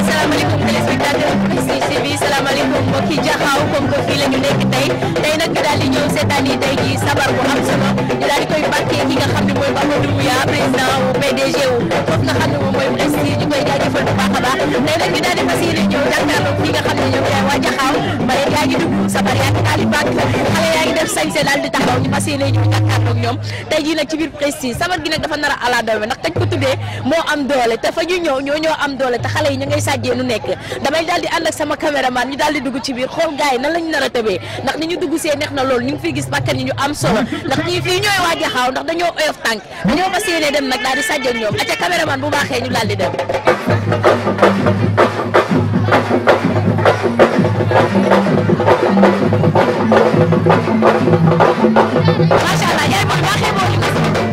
asalaamaaleykum téléspectateur Prestige TV salaamaaleykum mbokki jaxaaw comme que fii la ñu nekk tey tey nag ñu daal di ñëw seetaan yi tey jii sabar bu am solo ñu daal di koy ki nga xam ne mooy Mamadou Mouya président wu PDG wu baax a baax tey nag gi nag dafa ndax kañ ko tuddee moo am doole te fa ñu ñëw ñoo ñoo am doole te xale yi ñu ngay sajjee lu nekk damay daal di ànd ak sama caméraman ñi daal di dugg ci biir xool gars yi nan lañu nar a tëbee ndax ni ñu dugg see neex na loolu ñu ngi fiy gis bakkan yi ñu am solo ndax ñii fii ñooy waa jaxaaw ndax dañoo oyof tànk dañoo fas dem nag daal di sajjee ak ñoom acca caméraman bu baaxee ñu daal di dem macha allah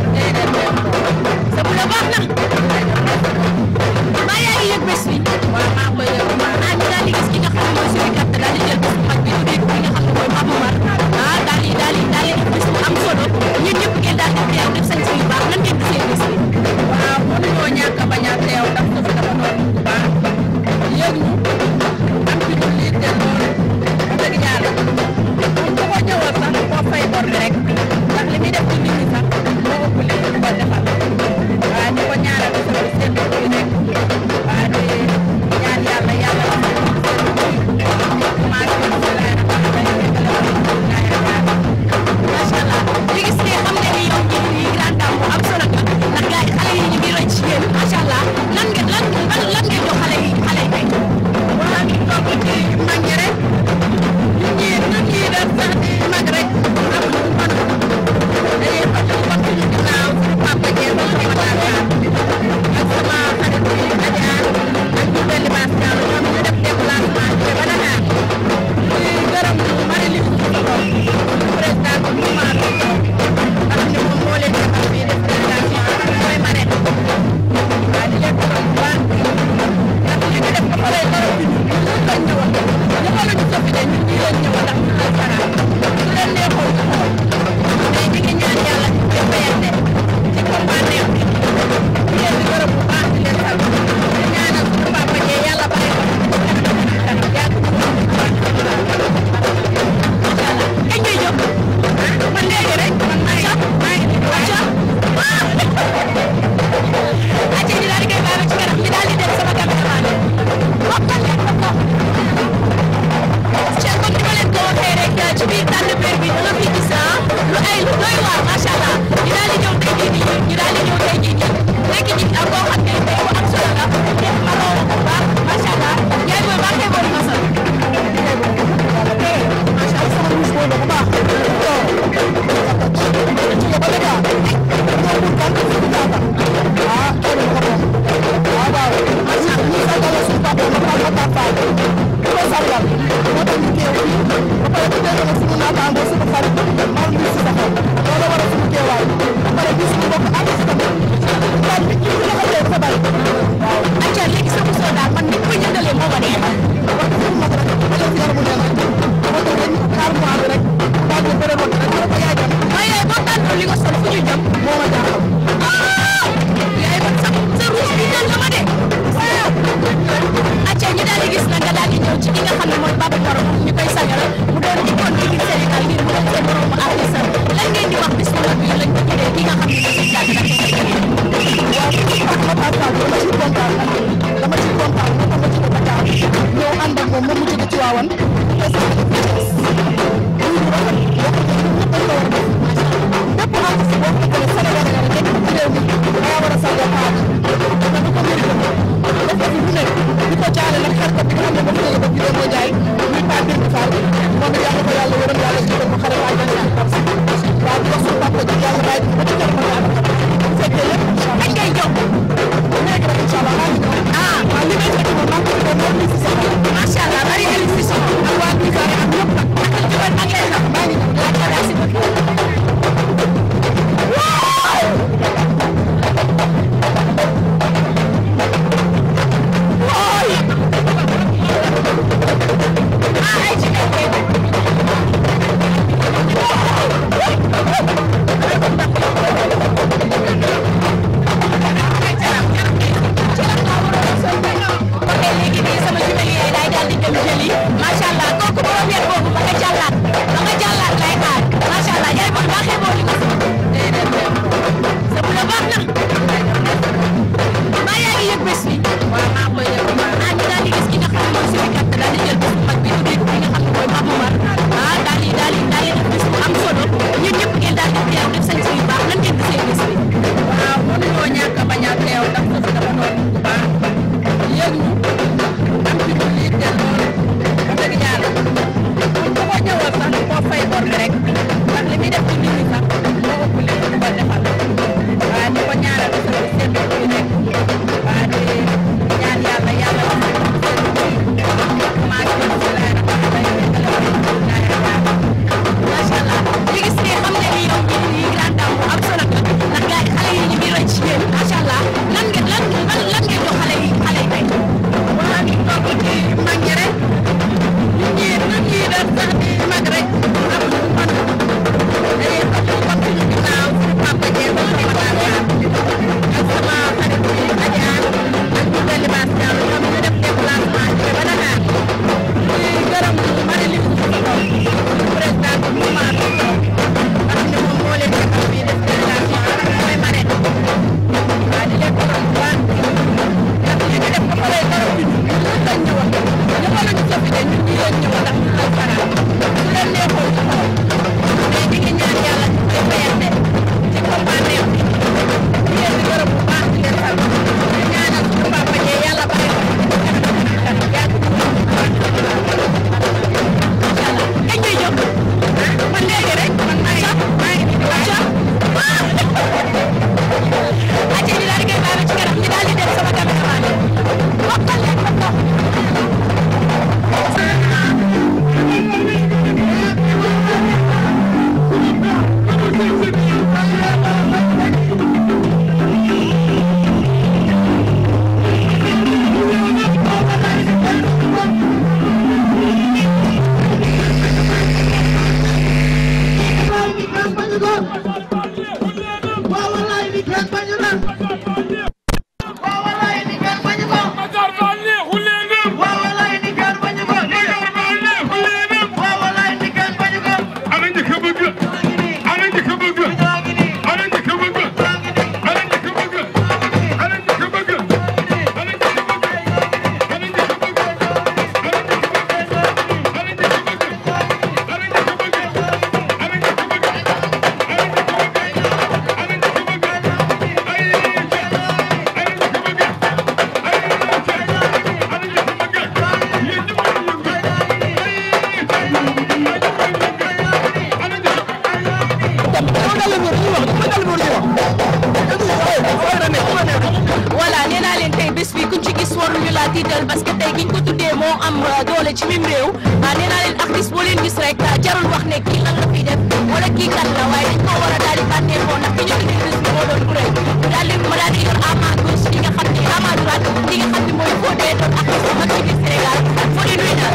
moo am euh, doole ci mim réew ah, nee naa leen artiste boo leen gis rek ah, jarul wax ne kii lan la fiy def wala kii kan la waaye dañ koo war a daal di bànneexoo ndax ki ñu indi bis bi moo doon kuréel daal di ma daal di yor ama gauche ki nga xam ne ama droite ki nga xam ne mooy boo dee doon artiste bu mag ci biir Sénégal foo di nuyu naa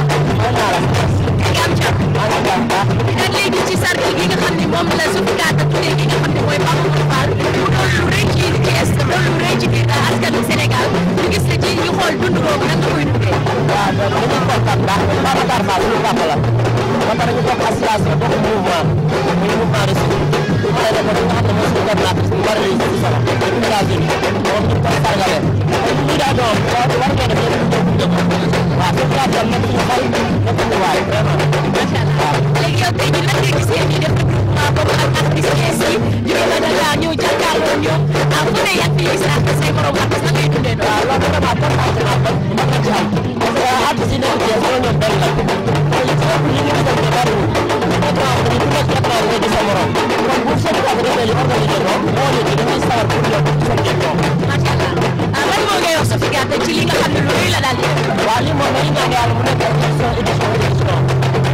la nga am jàmm dañ lay gis ci sargal gi nga xam ne moom la suuf gaata tuddee ki nga xam ne mooy Pape Modou Fall mu doon lu rëy ci Thiès doon lu rëy ci biir euh, askanu Sénégal xool dund boobu nan nga koy dundee. waaw donc dañuy kontaan ndax Babacar Fall suñu papa la ba pare ñu bokk association bokk mouvement muy mouvement de sécurité bu ma la defoon nga xam ne mooy suñu coordinatrice bu war a yëngu si sama États-Unis moom ñu koy sargale te bu ñu daan doon war war ngeen def yéen ñu jóg waaw suñu plateforme nag suñu xol nag suñu waay vraiment. macha allah léegi yow tey jii lan nga gisee ñu def développement boobu ak artistes yi jóge la Dakar ñëw jàkkaarloo ñoom ah ku ne yàgg fii si ak say morom artiste na ngay dundee noonu. waaw loolu vraiment kontaan si am mën na ci am parce que artistes yi nekk fii solo ñoom bëri na kon li ci ëpp li ñu gis ne bariwul dafa taxaw dañu ku nekk jàkkaarloo nga gis sa morom kon bu seen kàddu defee li organisé ko moo ñu ci dañuy sawar pour yokk seen jëkkoon. macha allah lan moo ngay wax sa fi gàtt ci li nga xam ne lu rëy la daal di. waaw lii moom dañu ñaan yàlla mu nekk édition édition édition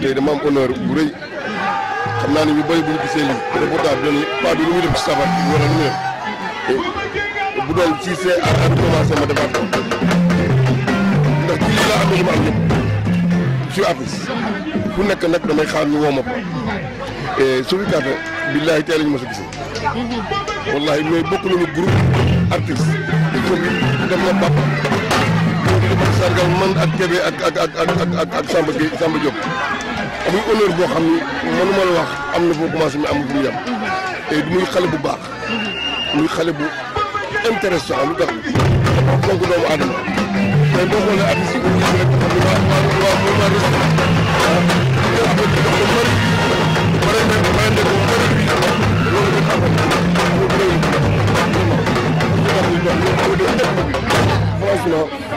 tey dama am honneur bu rëy xam naa ne ñu bëri bu ñu gisee lii reportage bi dañ bi lu muy def sabar wala lu def bu doon ci see ar ar commencé ma defaat ko ndax ci ku nekk nag damay xaar ñu woo ma ko su fi kaata billaahi tey lañu ma sa gisee wallaahi mais bokk nañu groupe artiste. dafa def na bàpp sargal man ak Kébé ak ak ak ak ak Samba Gueye Samba Diop muy boo xam ni mënuma la wax am na foo commencé mi am fu mu yem te muy xale bu baax muy xale bu intéressant lu tax fonk doomu aadama mais boo xoolee ne waa waa waa moom waa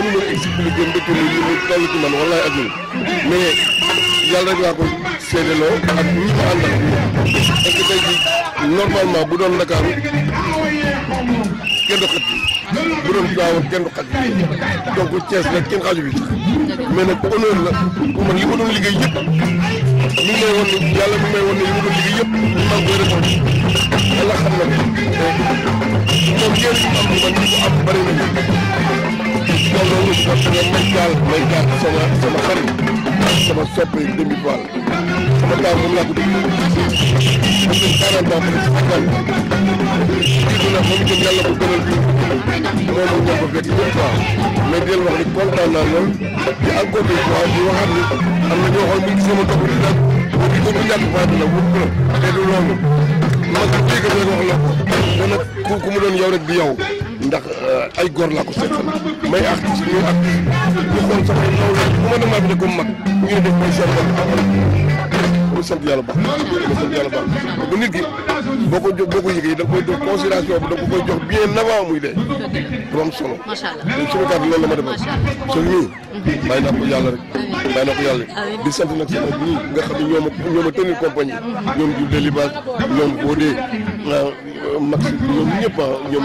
mënu ma expliquer mbégte mi li mu toll ci man wallaay ak ñun mais yàlla rek laa ko seedeloo ak ñi ma àndal parce que tey jii normalement bu doon Ndakaaru kenn du xaj bu doon Tivaouane kenn du xaj donc Thiès nag kenn xaju bi mais nag honneur la pour man li ma doon liggéey yëpp mi ngi may woon ni yàlla mi ngi may woon ne li ma doon liggéey yëpp maa ngi koy récolté yàlla xam na ne moom njëriñ am man li ko am bëri na loolu parce que may gaal may gaal sama sama xarit sama soppe demi voile sama taw moom ko déglu am nañ quarante ans presque ak an jiitu na moom bi moom naa lool di encore une fois di waxaat ni am na ñoo xam ne ci sama topp nag boo di ko ñàkk faa dina wut ko te du loolu man ku dégg rek wax la ko ku mu doon yow rek di yow ndax euh, ay góor laa ko seqal may artiste ñuy artiste ñu doon samay ndaw la bu ma demaa bi de comme mag bu ñu def may seet ba sant yàlla baax ma sant yàlla baax bu nit gi boo ko jox boo ko yëgee da koy jox considération bi da ko koy jox bien avant muy dee dafa am solo suñu kàddu loolu la ma defal so ñii bàyyi naa ko yàlla rek bàyyi naa ko yàlla di sant nag sama ñii nga xam ne ñoom a ñoom a tenir compagnie ñoom Jules Delibas ñoom Bodé ah, Max ñoom ñëpp ah, ñoom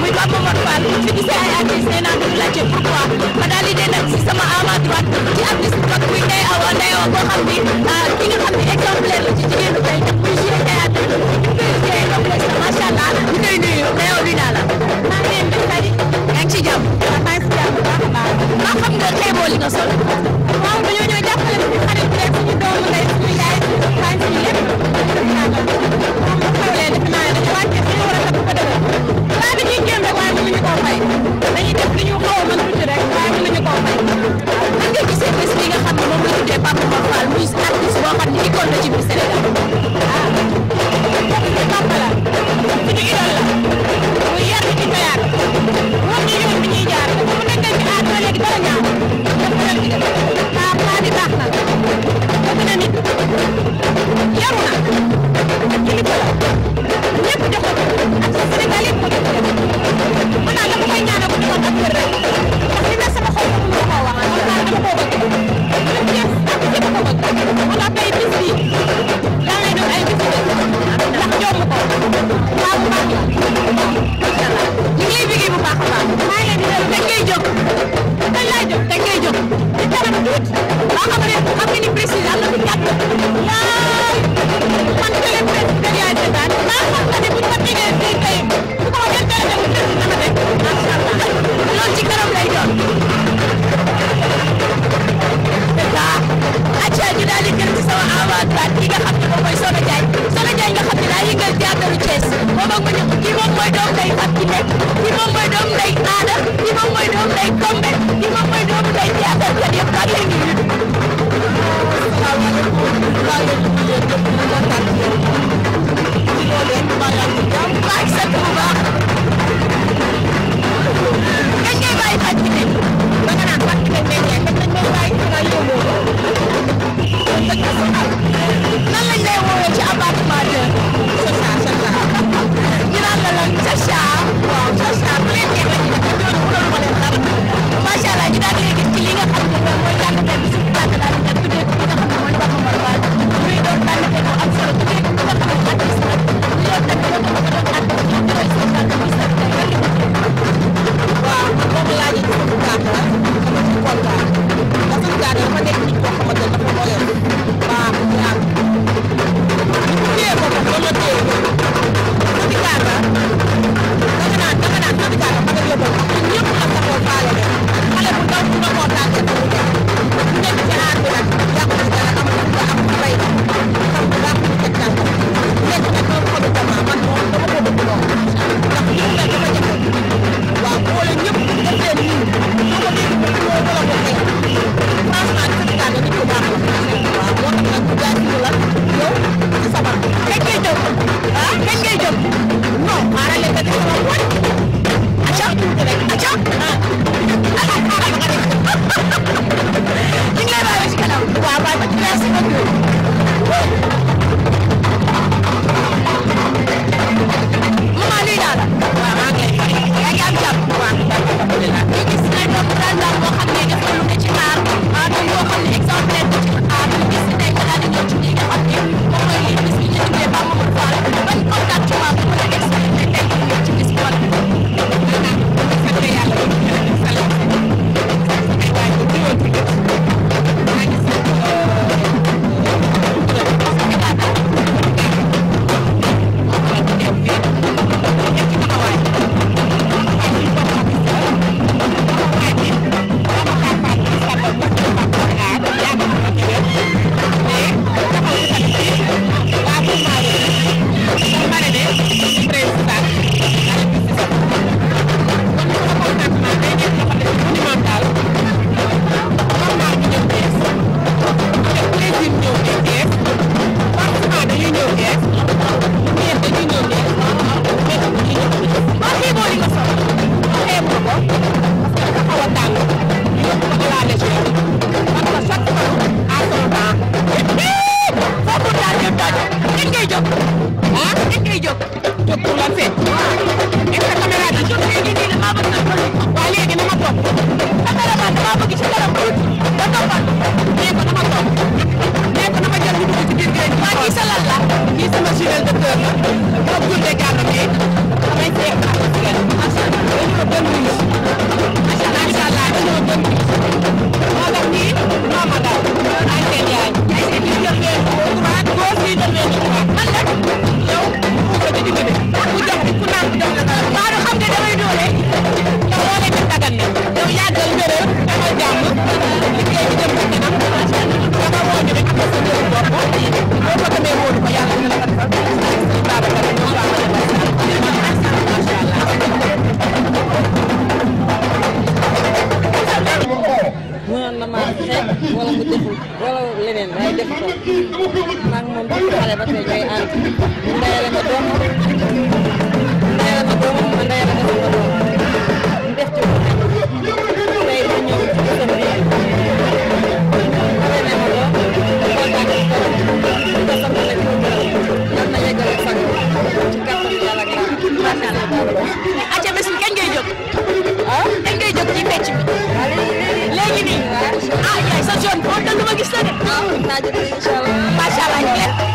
naa jógee incha allah macha allah ñu leen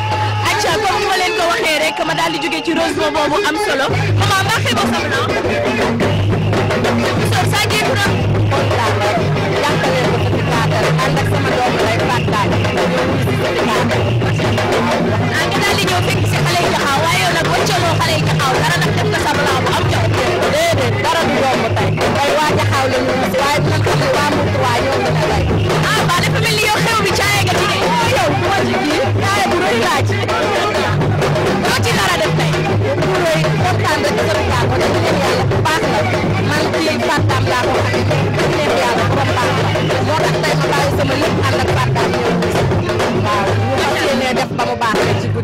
acca comme ni ma leen ko waxee rek ma daal di jógee ci rose boobu am solo maman mbaaxee ba xam na so sa jeetu na kontaan rek jàppaleen ko ci kaatal ànd ak sama doom lay partage naa ngi daal di ñëw fekk si xale yi jaxaaw waaye yow nag wàccaloo xale yi jaxaaw dara nag def nga sa bu am jox déedéet dara du yomb tey tey waa jaxaaw la ñu waaye dinañ xam ne waa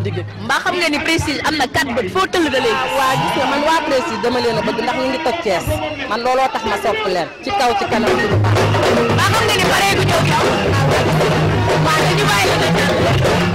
digg. mbaa xam nga ni Prestige am na quatre bët foo tëll da lay gis. gis nga man waa Prestige dama leen a bëgg ndax ñu ngi toj Cees man looloo tax ma sopp leen ci kaw ci kanam mbaa xam nga ni pareegu ñëw yow. waaw dañu bàyyi la nga jàll.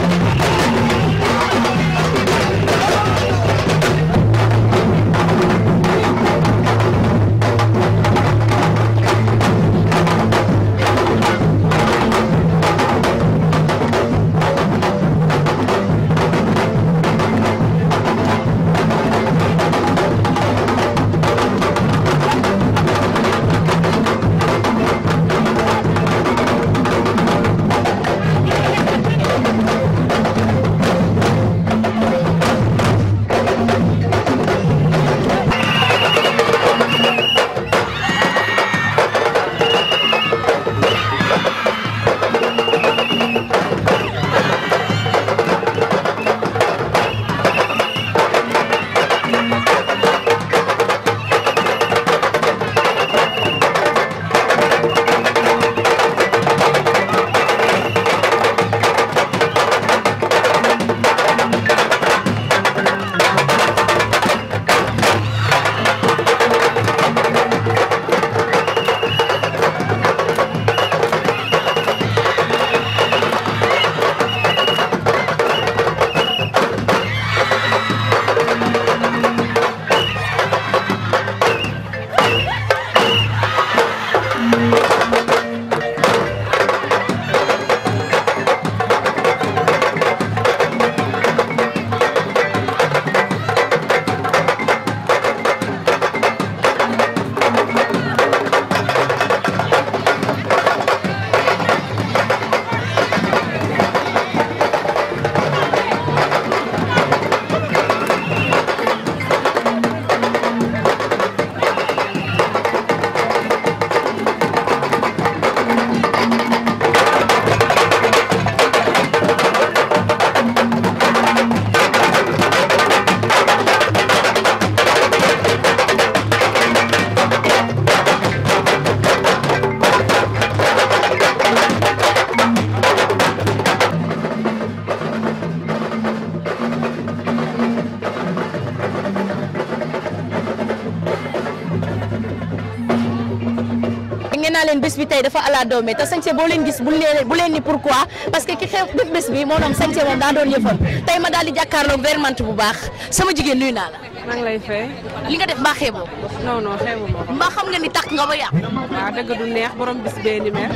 bés bi tey dafa ala dow me te sañse boo leen gis bu leen bu leen ni pourquoi parce que ki xew def bés bi moo doon sañse moom daa doon yëfam tey ma daal di jàkkaarloog vermante bu baax sama jigéen nuyu naa la maa lay fay li nga def mbaa xeeboo non non xeebu mbaa xam nga ni takk nga ba yàq waaw dëgg du neex borom bis bee ni meer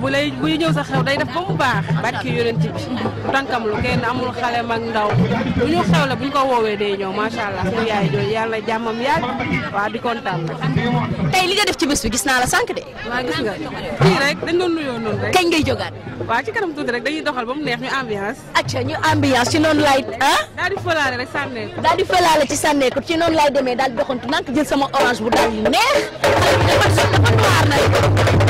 bu lay buy ñëw sa xew day def ba mu baax barki yonent bi tànkam lu kenn amul xale mag ndaw bu ñu xew la bu ñu ko woowee day ñëw macha allah suñu yaay jooju yàlla jàmmam yàgg waa di kontaan nag. tey li nga def ci bis bi gis naa la sànq de. waa gis nga fii rek dañ doon nuyoo noonu rek. kañ ngay jógaat. waa ci kanam tuuti rek dañuy doxal ba mu neex ñu ambiance. acca ñu ambiance ci noonu laay ah. daal di fëlaale daal di fëlaale ci sànneeku ci noonu laay demee daal di doxantu nank jël sama orange bu daal di neex. dafa noir na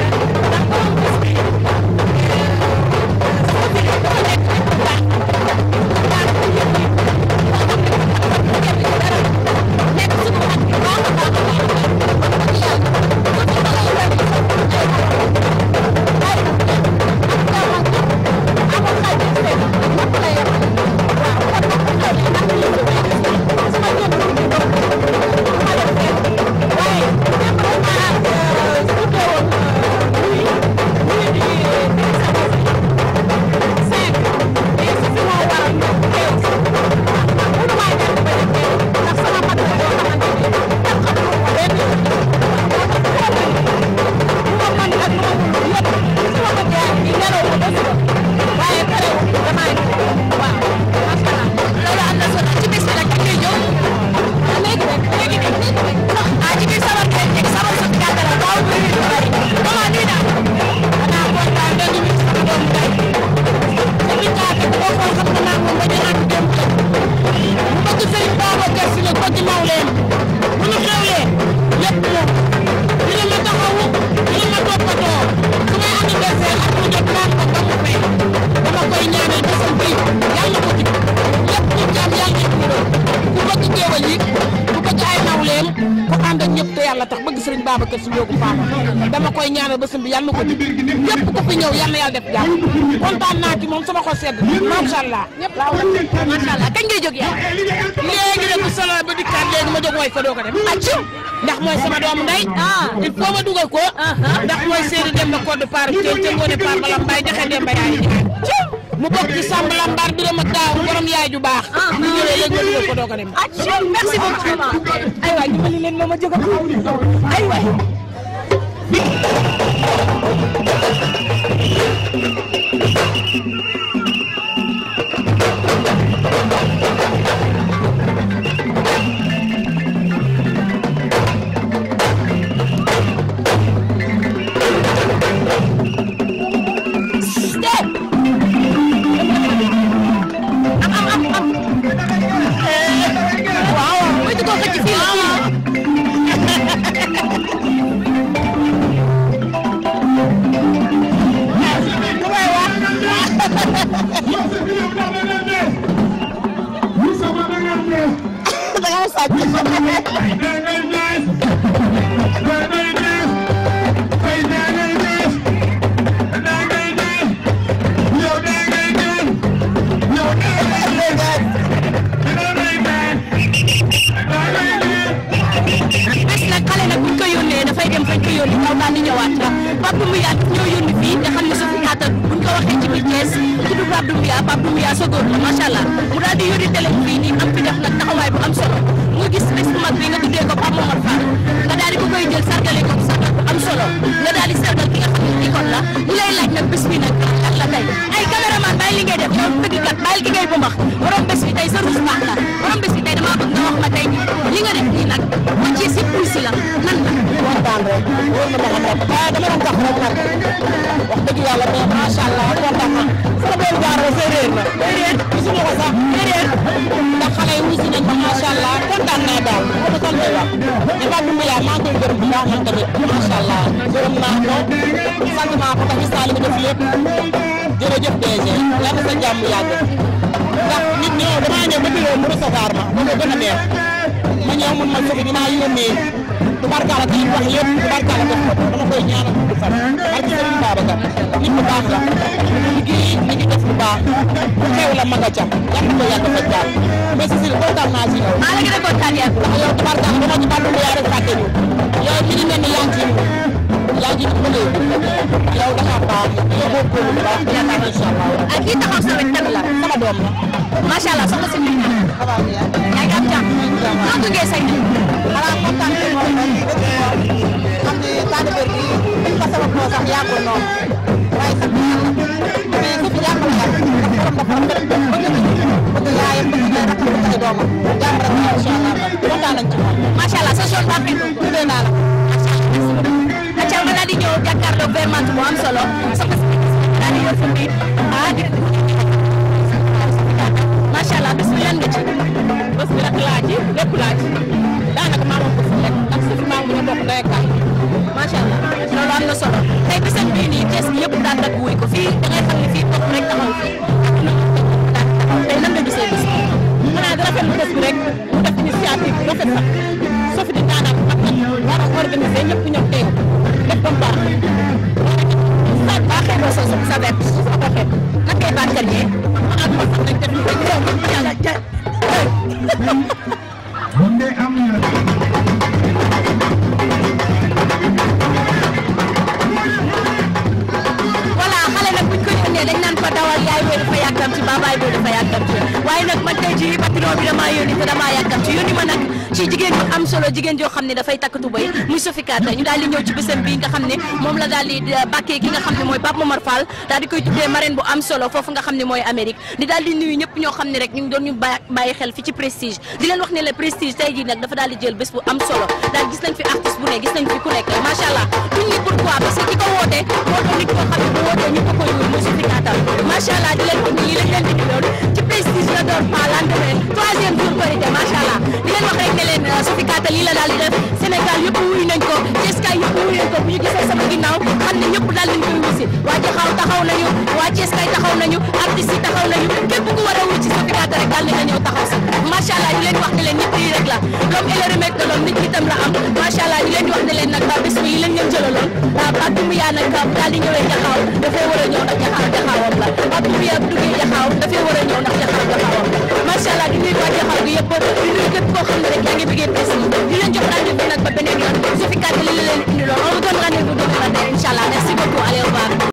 yàlla def jàmm kontaan naa ci moom sama xol sedd macha allah macha allah kañ ngay jóg yaa léegi de bu solo ba dikkaat léegi ma jóg way ko doo ko def accu ndax mooy sama doomu ndey ah. Ah. il faut ma dugal ko uh-huh. ndax mooy seeni dem na code par te te ngoone par bala mbay jaxe dem ba yaay mu bokk ci sàmm lambaar bi dama daaw borom yaay ju baax ñu ah. ñëwee léegi ma dugal ko doo dem accu merci beaucoup ay waay dimbali leen ma ma ay waay Thank you. Thank you. Amen. macha allah gërëm naa ko sant naa ko tamit saa li mu def lépp jërëjëf DG yàlla sa jàmm yàgg ndax nit ñi damaa ñëw ba déggoo mu recevoir ma ba ko gën a neex ma ñëw mun ma jóg dinaa tubarkalla kii wax yëpp tubarkalla def ko dama koy ñaanal bu fan barke Serigne Babacar nit ku baax la ñu ngi ñu ngi def lu baax bu xew la ma nga ca yàlla na ko yàgg fa jaar mais si si kontaan naa si yow. maa la gën a kontaan yow. ndax yow tubarkalla dama ci bàllu yaa rek fàtte ñu yow mi ngi mel ni yaa ngi yaa ngi mën a yow dafa baax yow boo ko lu baax dina tax incha allah. kii taxaw sama tam la sama doom la. macha allah soxna si wax nga ngay say xanaa kontaan te moom mooy lii dëkk xam ne taalibe bi dañ ko sama koo sax yàggul noonu waaye sax mais su fi jàmm la yàgg ndax borom dafa bëgg bëgg yaayam bëgg ay rakam bëgg ay doomam jàmm rek incha allah kontaan nañ ci moom macha allah sa zone baax nañ ko tuddee naa la macha allah merci beaucoup. acca nga daal di ñëw jàkkaarloo vraiment bu am solo sa bés bi daal di yor sa mbir ah di macha allah bés bi yan ci bés bi rek laa ci lépp laa ci daanaka maa moom bés bi rek ak suuf maa ngi bokk ndey ak allah loolu am solo tey bésam bii nii Cees bi yëpp daan nag wuy rek lu mu bi rek mu def initiative rafet sax soo fi di daanaka war a organiser ñëpp ñëpp tey def ba mu baax ma sa sa benn su ma waxee lan ngay bànqalee ma am ma sax nag def lu ko ñëw ma ñu yàlla jël. ak yaay booy dafa yàkkamti baabaay booy dafa yàkkamti waaye nag man tey jii patron bi damaa yónni te damaa yàkkamti yónni ma nag ci jigéen ñu am solo jigéen joo xam ne dafay takk tubay muy Sophie Kata ñu daal di ñëw ci bésam bi nga xam ne moom la daal di euh, bàkkee nga xam ne mooy Pape Momar Fall daal di koy tuddee marraine bu am solo foofu nga xam ne mooy Amérique di daal di nuyu ñëpp ñoo xam ne rek ñu ngi doon ñu bàyyi xel fi ci prestige di leen wax ne le prestige tey jii nag dafa daal di jël bés bu am solo daal gis nañ fi artiste bu macha allah di leen ko nii lañ di doon ci prestige la doon pas lendemain troisième jour korité macha allah di wax rek ne leen Sophie Kata la daal di def Sénégal yëpp wuy nañ ko Ceskaay yëpp wuy nañ ko bu ñu gisee sama ginnaaw xam ne ñëpp daal nañ koy wusi waa Jaxaaw taxaw nañu waa Ceskaay taxaw nañu artiste yi taxaw nañu képp ku ci rek taxaw si macha allah di wax ne leen ñëpp lii rek la l'homme et le de l'homme nit la am allah di wax ne nak nag bés bi yi lañ leen jëlaloon Fatou Mia nag daal di ñëwee Jaxaaw dafay war a ñëw ak Jaxaaw la oto bi yaa bu duggee jaxaaw dafay war a ñëw ndax jaxaaw jaxaawam macha allah di nuyu waa jaxaaw gi yëpp di nuyu képp koo xam ne rek yaa ngi bëggee bés yi di leen jox rendez-vous nag ba beneen yoon su fi kàddu li leen indiloon on vous donne rendez-vous demain matin incha allah merci beaucoup allez au revoir